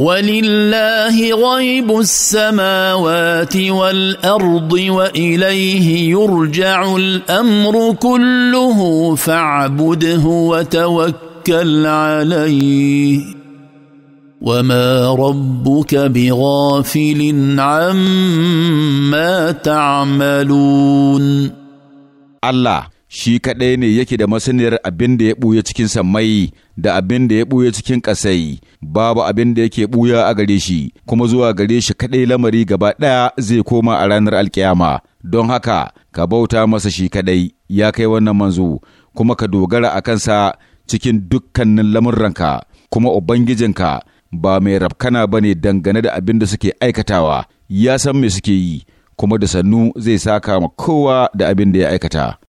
ولله غيب السماوات والارض واليه يرجع الامر كله فاعبده وتوكل عليه وما ربك بغافل عما تعملون الله shi kaɗai ne yake da masaniyar abin da ya ɓuya cikin sammai da abin da ya ɓuya cikin ƙasai, babu abin da yake ɓuya a gare shi, kuma zuwa gare shi kaɗai lamari gaba ɗaya zai koma a ranar alkiyama. Don haka, ka bauta masa shi kaɗai, ya kai wannan manzo, kuma ka dogara a kansa cikin dukkanin lamurranka, kuma Ubangijinka ba mai rafkana ba ne dangane da abin da suke aikatawa, ya san me suke yi, kuma da sannu zai saka ma kowa da abin da ya aikata.